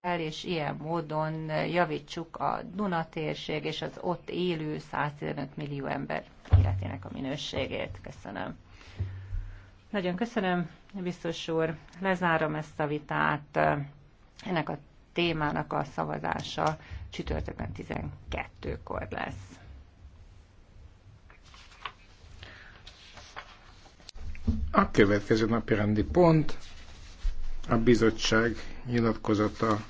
el, és ilyen módon javítsuk a Duna térség és az ott élő 115 millió ember életének a minőségét. Köszönöm. Nagyon köszönöm, biztos úr. Lezárom ezt a vitát. Ennek a témának a szavazása csütörtökön 12-kor lesz. A következő napi rendi pont a bizottság nyilatkozata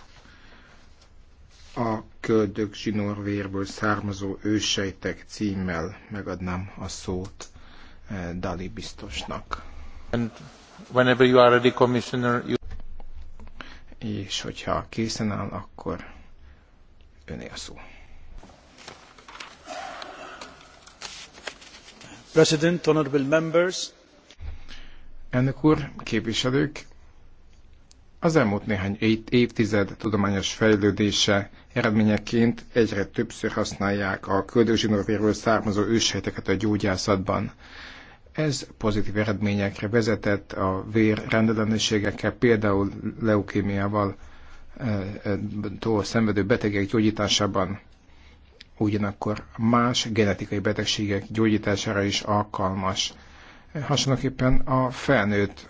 a köldök zsinórvérből származó ősejtek címmel megadnám a szót eh, Dali biztosnak. And whenever you are ready, commissioner, you... És hogyha készen áll, akkor öné a szó. President, honorable members. Elnök úr, képviselők, az elmúlt néhány évtized tudományos fejlődése eredményeként egyre többször használják a köldögzsinórvéről származó őssejteket a gyógyászatban. Ez pozitív eredményekre vezetett a vér rendellenességekkel, például leukémiával e, e, tól szenvedő betegek gyógyításában, ugyanakkor más genetikai betegségek gyógyítására is alkalmas. Hasonlóképpen a felnőtt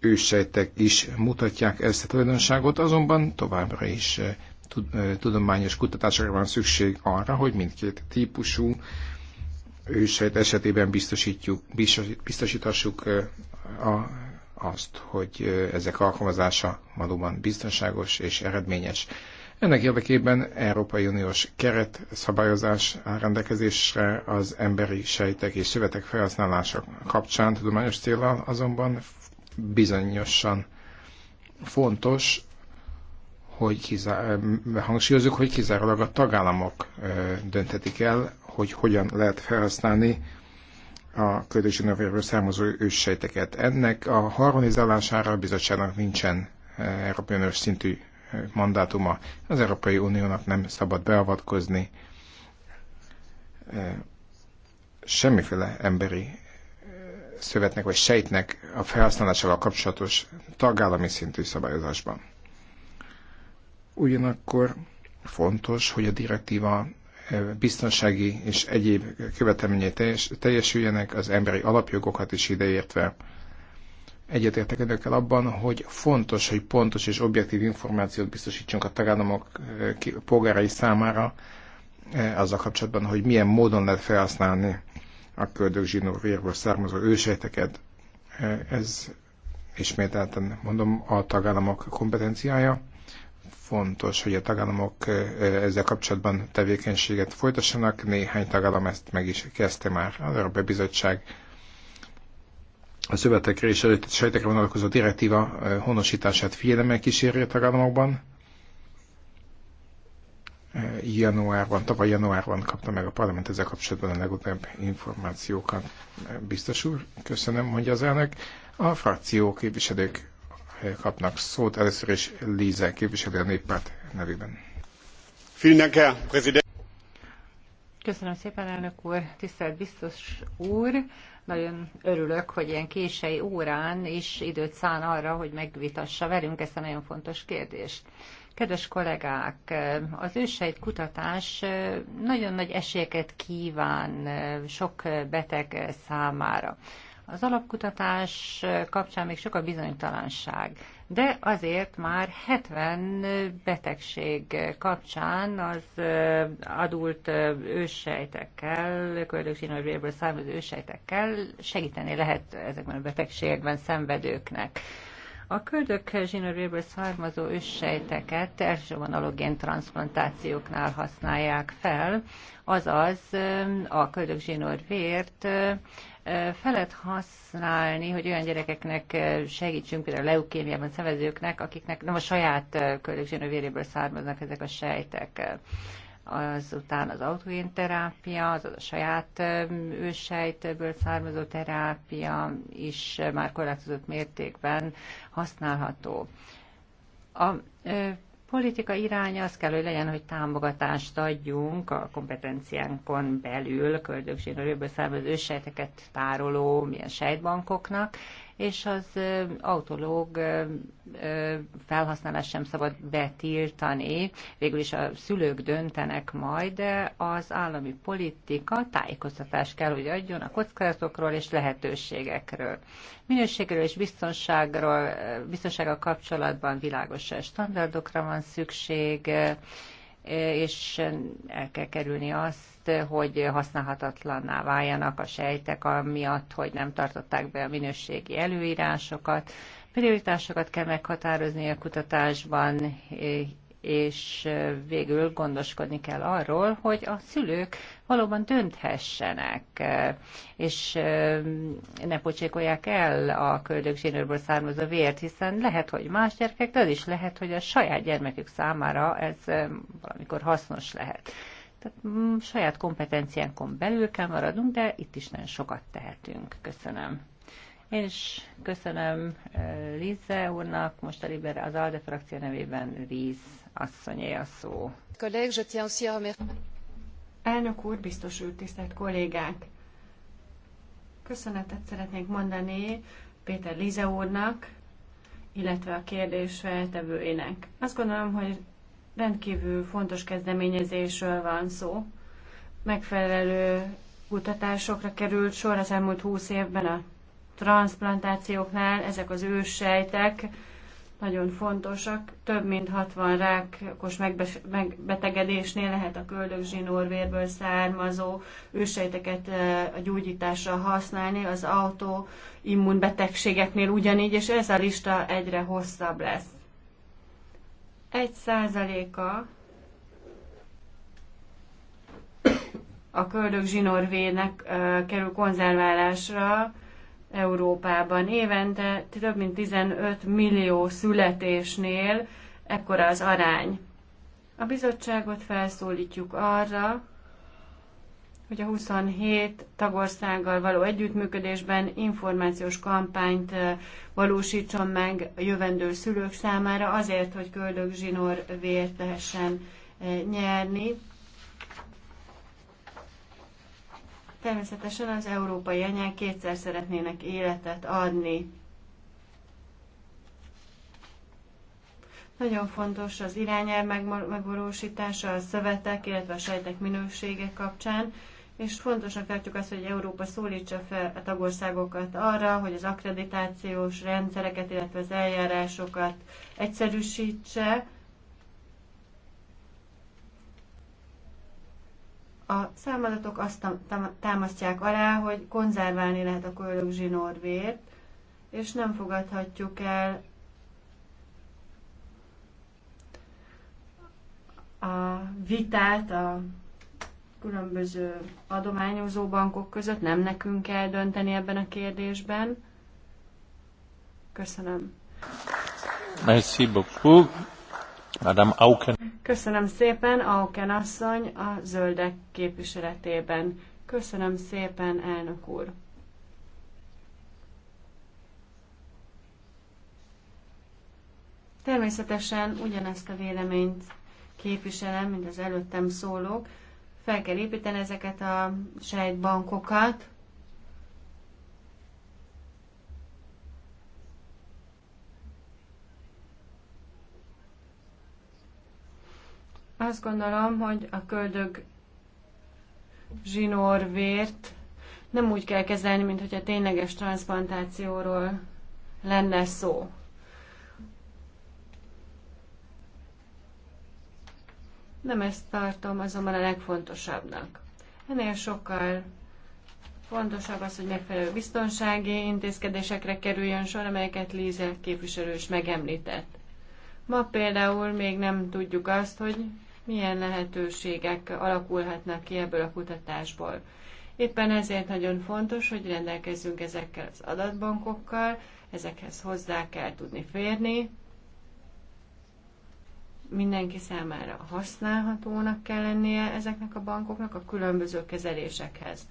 őssejtek is mutatják ezt a tulajdonságot, azonban továbbra is eh, eh, tudományos kutatásokra van szükség arra, hogy mindkét típusú ősejt esetében biztosítjuk, biztosíthassuk eh, a, azt, hogy ezek alkalmazása valóban biztonságos és eredményes. Ennek érdekében Európai Uniós keret szabályozás rendelkezésre az emberi sejtek és szövetek felhasználása kapcsán tudományos célral azonban bizonyosan fontos, hogy kizá... Eh, hangsúlyozzuk, hogy kizárólag a tagállamok eh, döntetik el, hogy hogyan lehet felhasználni a köldösi növényről származó őssejteket. Ennek a harmonizálására a bizottságnak nincsen eh, Európai Uniós szintű mandátuma. Az Európai Uniónak nem szabad beavatkozni semmiféle emberi szövetnek vagy sejtnek a felhasználásával kapcsolatos tagállami szintű szabályozásban. Ugyanakkor fontos, hogy a direktíva e, biztonsági és egyéb követelményei teljes, teljesüljenek, az emberi alapjogokat is ideértve. Egyetértek önökkel abban, hogy fontos, hogy pontos és objektív információt biztosítsunk a tagállamok e, polgárai számára e, azzal kapcsolatban, hogy milyen módon lehet felhasználni a köldök zsinórjából származó ősejteket. E, ez ismételten mondom a tagállamok kompetenciája. Fontos, hogy a tagállamok e, ezzel kapcsolatban tevékenységet folytassanak. Néhány tagállam ezt meg is kezdte már. Az Európai Bizottság a szövetekre és sejtekre vonatkozó direktíva e, honosítását figyelemmel kíséri a tagállamokban januárban, tavaly januárban kapta meg a parlament ezzel kapcsolatban a legutóbb információkat. Biztos úr, köszönöm, mondja az elnök. A frakció képviselők kapnak szót. Először is Líze képviselő a néppárt nevében. Köszönöm szépen, elnök úr, tisztelt biztos úr. Nagyon örülök, hogy ilyen késői órán is időt szán arra, hogy megvitassa velünk ezt a nagyon fontos kérdést. Kedves kollégák, az ősejt kutatás nagyon nagy esélyeket kíván sok beteg számára. Az alapkutatás kapcsán még sok a bizonytalanság, de azért már 70 betegség kapcsán az adult őssejtekkel, köldögzsinói származó őssejtekkel segíteni lehet ezekben a betegségekben szenvedőknek. A köldök zsinóréből származó őssejteket elsősorban transzplantációknál használják fel, azaz a köldök zsinórvért felett használni, hogy olyan gyerekeknek segítsünk, például leukémiában szenvezőknek, akiknek nem a saját köldök zsinórvéréből származnak ezek a sejtek azután az autogén terápia, az a saját őssejtből származó terápia is már korlátozott mértékben használható. A politika iránya az kell, hogy legyen, hogy támogatást adjunk a kompetenciánkon belül, köldöksérőből származó ősejteket tároló milyen sejtbankoknak, és az autológ felhasználás sem szabad betiltani. Végül is a szülők döntenek majd, de az állami politika tájékoztatást kell, hogy adjon a kockázatokról és lehetőségekről. Minőségről és biztonságról, biztonsággal kapcsolatban világos standardokra van szükség, és el kell kerülni azt, hogy használhatatlanná váljanak a sejtek, amiatt, hogy nem tartották be a minőségi előírásokat. Prioritásokat kell meghatározni a kutatásban, és végül gondoskodni kell arról, hogy a szülők valóban dönthessenek, és ne pocsékolják el a köldök zsinőrből származó vért, hiszen lehet, hogy más gyerekek, de az is lehet, hogy a saját gyermekük számára ez valamikor hasznos lehet. Tehát mm, saját kompetenciánkon belül kell maradnunk, de itt is nagyon sokat tehetünk. Köszönöm. Én is köszönöm eh, Lize úrnak, most a Liber az ALDE frakció nevében Riz asszonyé a szó. Elnök úr, biztos úr, tisztelt kollégák! Köszönetet szeretnék mondani Péter Lize úrnak, illetve a kérdés feltevőjének. Azt gondolom, hogy rendkívül fontos kezdeményezésről van szó. Megfelelő kutatásokra került sor az elmúlt húsz évben a transplantációknál ezek az őssejtek nagyon fontosak. Több mint 60 rákos megbetegedésnél lehet a köldögzsinórvérből származó ősejteket eh, a gyógyításra használni, az autoimmunbetegségeknél ugyanígy, és ez a lista egyre hosszabb lesz. Egy százaléka a köldögzsinórvének eh, kerül konzerválásra, Európában. Évente több mint 15 millió születésnél ekkora az arány. A bizottságot felszólítjuk arra, hogy a 27 tagországgal való együttműködésben információs kampányt eh, valósítson meg a jövendő szülők számára azért, hogy köldögzsinór vért lehessen eh, nyerni, Természetesen az európai anyák kétszer szeretnének életet adni. Nagyon fontos az irányel megvalósítása a szövetek, illetve a sejtek minősége kapcsán, és fontosnak tartjuk azt, hogy Európa szólítsa fel a tagországokat arra, hogy az akkreditációs rendszereket, illetve az eljárásokat egyszerűsítse, A számadatok azt támasztják alá, hogy konzerválni lehet a kölyök zsinórvért, és nem fogadhatjuk el a vitát a különböző adományozó bankok között, nem nekünk kell dönteni ebben a kérdésben. Köszönöm. Merci beaucoup. Madame Auken. Köszönöm szépen, Auken asszony, a zöldek képviseletében. Köszönöm szépen, elnök úr. Természetesen ugyanezt a véleményt képviselem, mint az előttem szólók. Fel kell építeni ezeket a sejtbankokat, Azt gondolom, hogy a köldög zsinórvért nem úgy kell kezelni, mint hogy a tényleges transplantációról lenne szó. Nem ezt tartom azonban a legfontosabbnak. Ennél sokkal fontosabb az, hogy megfelelő biztonsági intézkedésekre kerüljön sor, amelyeket Líze képviselő is megemlített. Ma például még nem tudjuk azt, hogy milyen lehetőségek alakulhatnak ki ebből a kutatásból. Éppen ezért nagyon fontos, hogy rendelkezzünk ezekkel az adatbankokkal, ezekhez hozzá kell tudni férni, mindenki számára használhatónak kell lennie ezeknek a bankoknak a különböző kezelésekhez.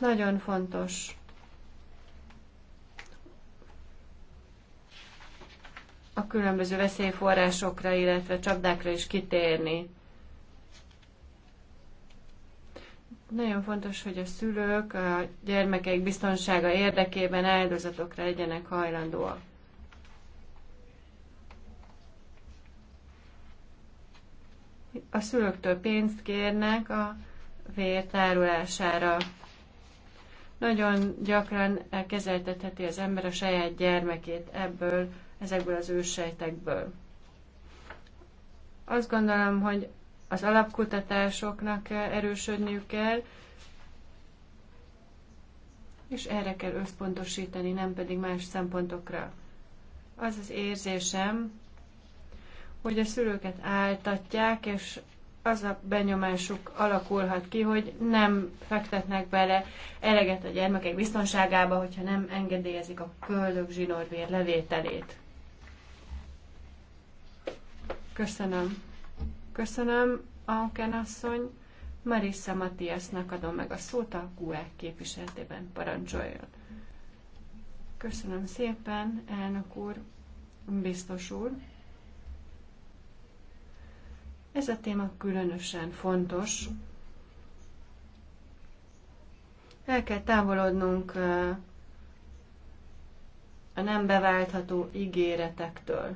Nagyon fontos különböző veszélyforrásokra, illetve csapdákra is kitérni. Nagyon fontos, hogy a szülők a gyermekek biztonsága érdekében áldozatokra legyenek hajlandóak. A szülőktől pénzt kérnek a vér tárulására. Nagyon gyakran kezeltetheti az ember a saját gyermekét ebből ezekből az ősejtekből. Azt gondolom, hogy az alapkutatásoknak erősödniük kell, és erre kell összpontosítani, nem pedig más szempontokra. Az az érzésem, hogy a szülőket áltatják, és az a benyomásuk alakulhat ki, hogy nem fektetnek bele eleget a gyermekek biztonságába, hogyha nem engedélyezik a köldök zsinórvér levételét. Köszönöm. Köszönöm, Anken asszony. Marissa Matiasnak adom meg a szót a QE képviseletében. Parancsoljon. Köszönöm szépen, elnök úr, biztos úr. Ez a téma különösen fontos. El kell távolodnunk a nem beváltható ígéretektől.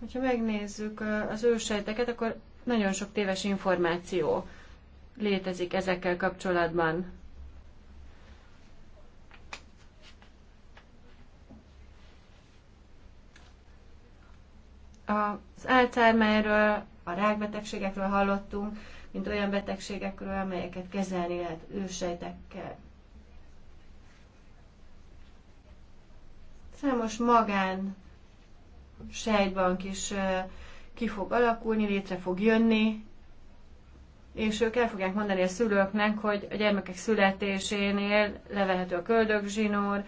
Hogyha megnézzük az ősejteket, akkor nagyon sok téves információ létezik ezekkel kapcsolatban. Az álcármáról, a rákbetegségekről hallottunk, mint olyan betegségekről, amelyeket kezelni lehet ősejtekkel. Számos magán sejtbank is ki fog alakulni, létre fog jönni, és ők el fogják mondani a szülőknek, hogy a gyermekek születésénél levehető a köldögzsinór,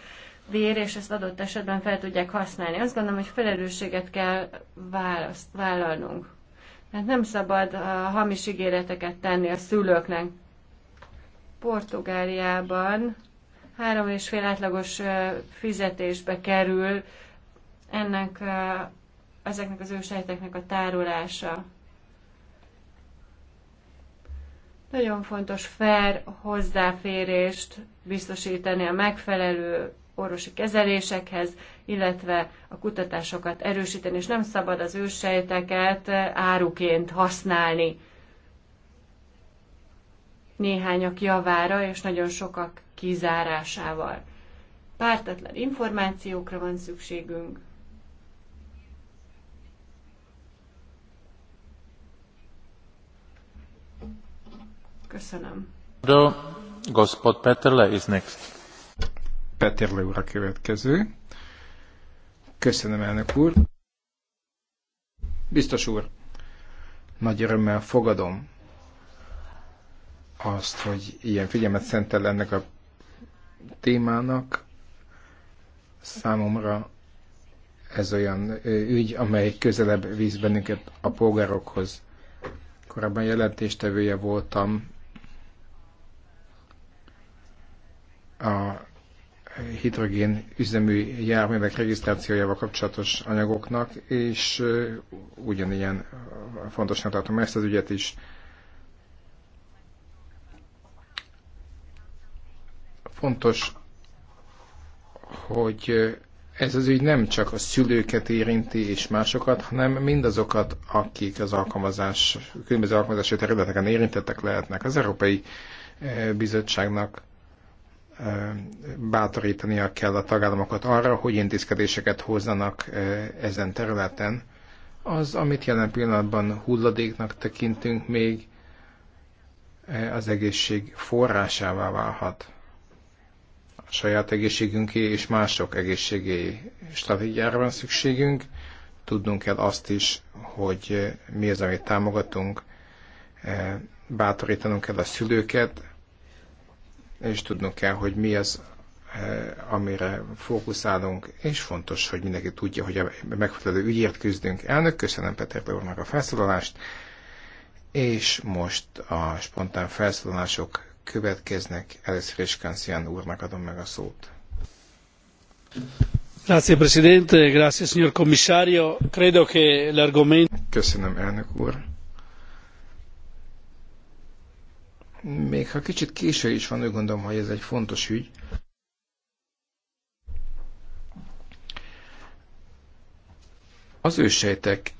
vér, és ezt adott esetben fel tudják használni. Azt gondolom, hogy felelősséget kell választ, vállalnunk. Mert nem szabad a hamis ígéreteket tenni a szülőknek. Portugáliában három és fél átlagos fizetésbe kerül ennek, ezeknek az ősejteknek a tárolása. Nagyon fontos fair hozzáférést biztosítani a megfelelő orvosi kezelésekhez, illetve a kutatásokat erősíteni, és nem szabad az ősejteket áruként használni néhányak javára és nagyon sokak kizárásával. Pártatlan információkra van szükségünk, Köszönöm. Gospod Peterle is next. Peterle úr a következő. Köszönöm, elnök úr. Biztos úr, nagy örömmel fogadom azt, hogy ilyen figyelmet szentel ennek a témának. Számomra ez olyan ügy, amely közelebb víz bennünket a polgárokhoz. Korábban jelentéstevője voltam a hidrogén üzemű járművek regisztrációjával kapcsolatos anyagoknak, és ugyanilyen fontosnak tartom ezt az ügyet is. Fontos, hogy ez az ügy nem csak a szülőket érinti és másokat, hanem mindazokat, akik az alkalmazás, különböző alkalmazási területeken érintettek lehetnek. Az Európai Bizottságnak bátorítania kell a tagállamokat arra, hogy intézkedéseket hozzanak ezen területen. Az, amit jelen pillanatban hulladéknak tekintünk, még az egészség forrásává válhat. A saját egészségünké és mások egészségéi stratégiára van szükségünk. Tudnunk kell azt is, hogy mi az, amit támogatunk. Bátorítanunk kell a szülőket, és tudnunk kell, hogy mi az, eh, amire fókuszálunk, és fontos, hogy mindenki tudja, hogy a megfelelő ügyért küzdünk. Elnök, köszönöm Peter úrnak a felszólalást, és most a spontán felszólalások következnek. Először is Kanszian úrnak adom meg a szót. Grazie Presidente, grazie signor Commissario. Credo che l'argomento... Köszönöm, elnök úr Még ha kicsit késő is van, úgy gondolom, hogy ez egy fontos ügy. Az ősejtek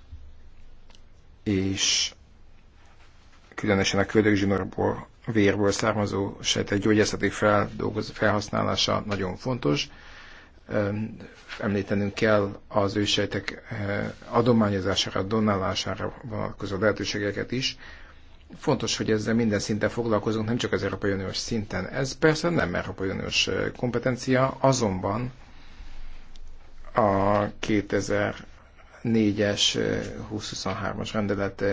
és különösen a köldögzsinórból, vérből származó sejtek gyógyászati felhasználása nagyon fontos. Említenünk kell az ősejtek eh, adományozására, donálására vonatkozó lehetőségeket is fontos, hogy ezzel minden szinten foglalkozunk, nem csak az Európai Uniós szinten. Ez persze nem Európai Uniós kompetencia, azonban a 2004-es 2023-as rendelet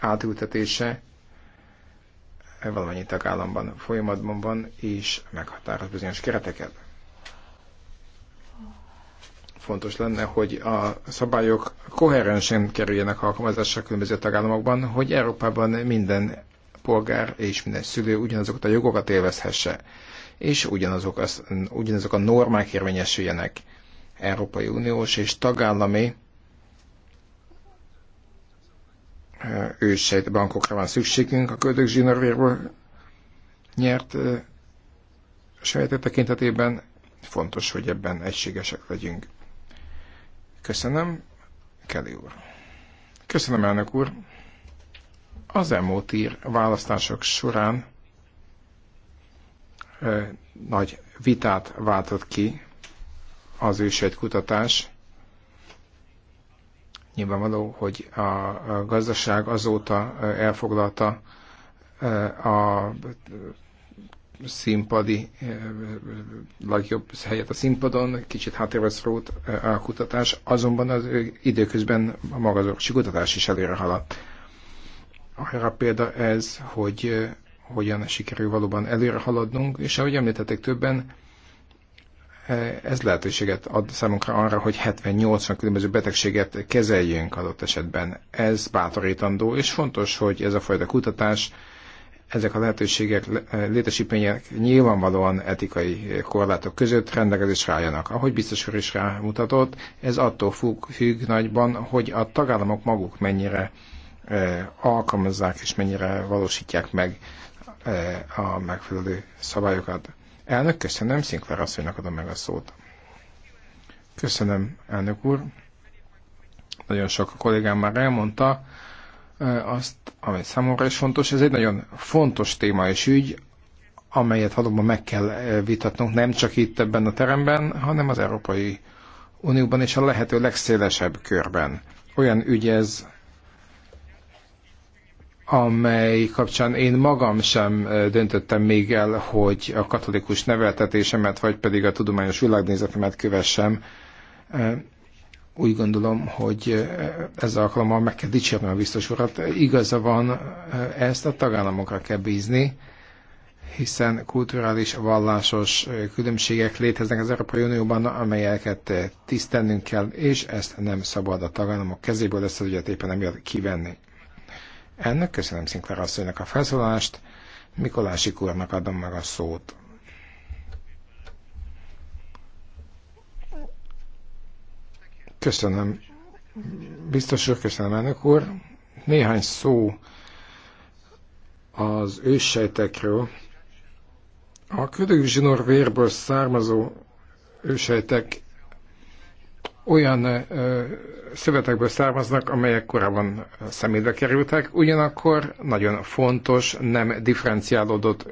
átültetése valamennyi tagállamban folyamatban van, és meghatároz bizonyos kereteket fontos lenne, hogy a szabályok koherensen kerüljenek alkalmazásra a különböző tagállamokban, hogy Európában minden polgár és minden szülő ugyanazokat a jogokat élvezhesse, és ugyanazok, az, ugyanazok a normák érvényesüljenek Európai Uniós és tagállami ősejt bankokra van szükségünk a köldök zsinórvérből nyert sejtek tekintetében. Fontos, hogy ebben egységesek legyünk. Köszönöm, Kelly úr. Köszönöm, elnök úr. Az elmúlt ír választások során ö, nagy vitát váltott ki az kutatás. Nyilvánvaló, hogy a, a gazdaság azóta elfoglalta a színpadi, eh, legjobb helyet a színpadon, kicsit háttérbe szorult eh, a kutatás, azonban az eh, időközben a maga kutatás is előre haladt. Arra példa ez, hogy hogyan sikerül valóban előre haladnunk, és ahogy említették többen, ez lehetőséget ad számunkra arra, hogy 70-80 különböző betegséget kezeljünk adott esetben. Ez bátorítandó, és fontos, hogy ez a fajta kutatás ezek a lehetőségek, eh, létesítmények nyilvánvalóan etikai korlátok között rendelkezésre álljanak. Ahogy biztos úr is rámutatott, ez attól függ, függ nagyban, hogy a tagállamok maguk mennyire eh, alkalmazzák és mennyire valósítják meg eh, a megfelelő szabályokat. Elnök, köszönöm, Szinkler asszonynak adom meg a szót. Köszönöm, elnök úr. Nagyon sok a kollégám már elmondta, azt, amit számomra is fontos. Ez egy nagyon fontos téma és ügy, amelyet valóban meg kell vitatnunk, nem csak itt ebben a teremben, hanem az Európai Unióban és a lehető legszélesebb körben. Olyan ügy ez, amely kapcsán én magam sem döntöttem még el, hogy a katolikus neveltetésemet, vagy pedig a tudományos világnézetemet kövessem úgy gondolom, hogy eh, ez alkalommal meg kell dicsérni a biztos urat. Igaza van, eh, ezt a tagállamokra kell bízni, hiszen kulturális, vallásos eh, különbségek léteznek az Európai Unióban, amelyeket tisztennünk kell, és ezt nem szabad a tagállamok kezéből ezt az ügyet éppen emiatt kivenni. Ennek köszönöm Szinkler asszonynak a felszólalást, Mikolási úrnak adom meg a szót. Köszönöm, biztos hogy köszönöm, elnök úr. Néhány szó az őssejtekről. A zsinór vérből származó ősejtek olyan ö, szövetekből származnak, amelyek korábban szemébe kerültek, ugyanakkor nagyon fontos nem differenciálódott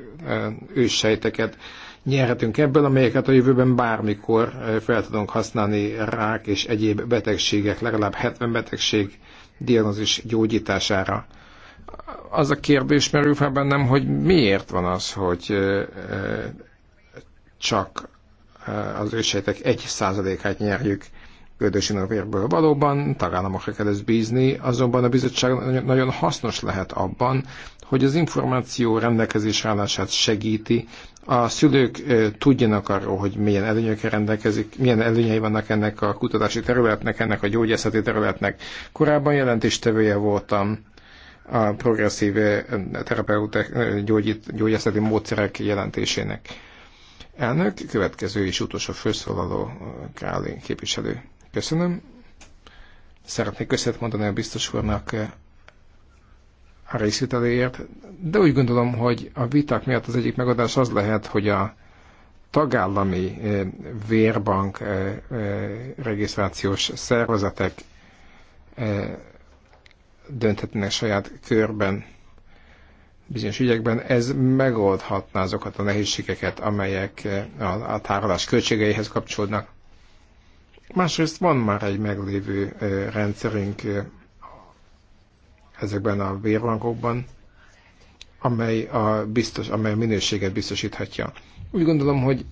ősejteket nyerhetünk ebből, amelyeket a jövőben bármikor eh, fel tudunk használni rák és egyéb betegségek, legalább 70 betegség diagnózis gyógyítására. Az a kérdés merül fel bennem, hogy miért van az, hogy eh, eh, csak az ősejtek egy százalékát nyerjük ködösinóvérből. Valóban tagállamokra kell ezt bízni, azonban a bizottság nagyon hasznos lehet abban, hogy az információ rendelkezés állását segíti, a szülők tudjanak arról, hogy milyen előnyökkel rendelkezik, milyen előnyei vannak ennek a kutatási területnek, ennek a gyógyászati területnek. Korábban jelentéstevője voltam a progresszív terapeutek gyógyászati módszerek jelentésének. Elnök, következő és utolsó főszólaló Králi képviselő. Köszönöm. Szeretnék köszönet mondani a biztos úrnak a részvételéért, de úgy gondolom, hogy a viták miatt az egyik megoldás az lehet, hogy a tagállami eh, vérbank eh, eh, regisztrációs szervezetek dönthetnének saját körben bizonyos ügyekben, ez megoldhatná azokat a nehézségeket, amelyek a tárolás költségeihez kapcsolódnak. Másrészt van már egy meglévő rendszerünk ezekben a vérrangokban, amely a, biztos, amely a minőséget biztosíthatja. Úgy gondolom, hogy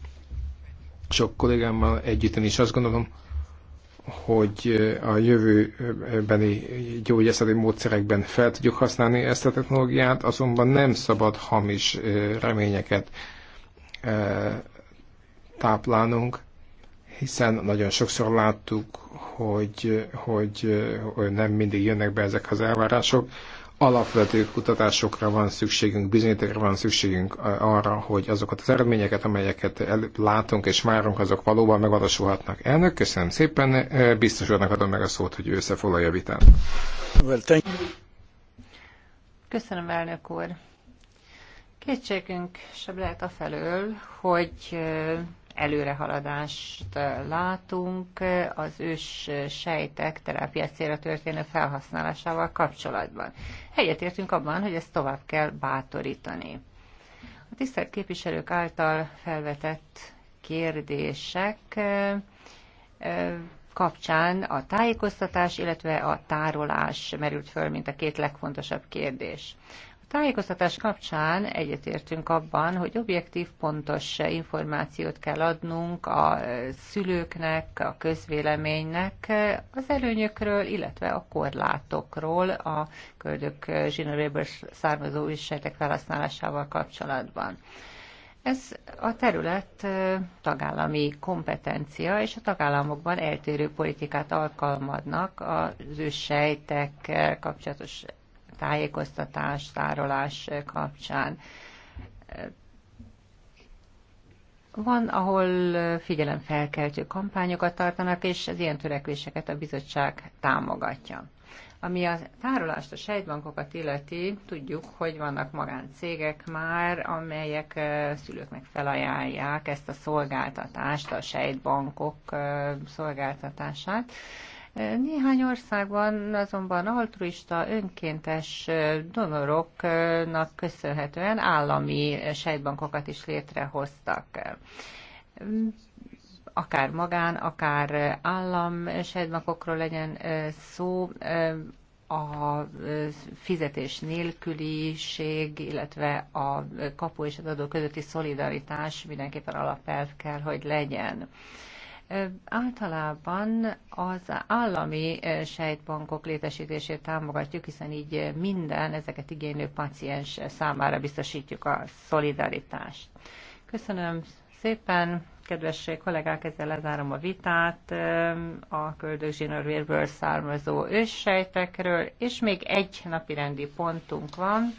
sok kollégámmal együtt is azt gondolom, hogy a jövőbeni gyógyászati módszerekben fel tudjuk használni ezt a technológiát, azonban nem szabad hamis reményeket táplálnunk hiszen nagyon sokszor láttuk, hogy, hogy, hogy nem mindig jönnek be ezek az elvárások. Alapvető kutatásokra van szükségünk, bizonyítékra van szükségünk arra, hogy azokat az eredményeket, amelyeket el, látunk és várunk, azok valóban megvalósulhatnak. Elnök, köszönöm szépen, biztos úrnak adom meg a szót, hogy összefoglalja a vitát. Well, thank you. Köszönöm, elnök úr. Kétségünk sem lehet a felől, hogy előrehaladást látunk az ős sejtek terápiás célra történő felhasználásával kapcsolatban. Egyetértünk abban, hogy ezt tovább kell bátorítani. A tisztelt képviselők által felvetett kérdések kapcsán a tájékoztatás, illetve a tárolás merült föl, mint a két legfontosabb kérdés tájékoztatás kapcsán egyetértünk abban, hogy objektív, pontos információt kell adnunk a szülőknek, a közvéleménynek az előnyökről, illetve a korlátokról a köldök zsinóréből származó újságok felhasználásával kapcsolatban. Ez a terület tagállami kompetencia, és a tagállamokban eltérő politikát alkalmadnak az ősejtek kapcsolatos tájékoztatás, tárolás kapcsán. Van, ahol figyelemfelkeltő kampányokat tartanak, és az ilyen törekvéseket a bizottság támogatja. Ami a tárolást, a sejtbankokat illeti, tudjuk, hogy vannak magáncégek már, amelyek szülőknek felajánlják ezt a szolgáltatást, a sejtbankok szolgáltatását. Néhány országban azonban altruista, önkéntes donoroknak köszönhetően állami sejtbankokat is létrehoztak. Akár magán, akár állam sejtbankokról legyen szó, a fizetés nélküliség, illetve a kapu és az adó közötti szolidaritás mindenképpen alapelv kell, hogy legyen. Általában az állami sejtbankok létesítését támogatjuk, hiszen így minden ezeket igénylő paciens számára biztosítjuk a szolidaritást. Köszönöm szépen, kedves kollégák, ezzel lezárom a vitát a köldögzsinórvérből származó őssejtekről, és még egy napi rendi pontunk van,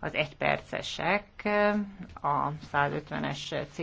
az egypercesek, a 150-es cikk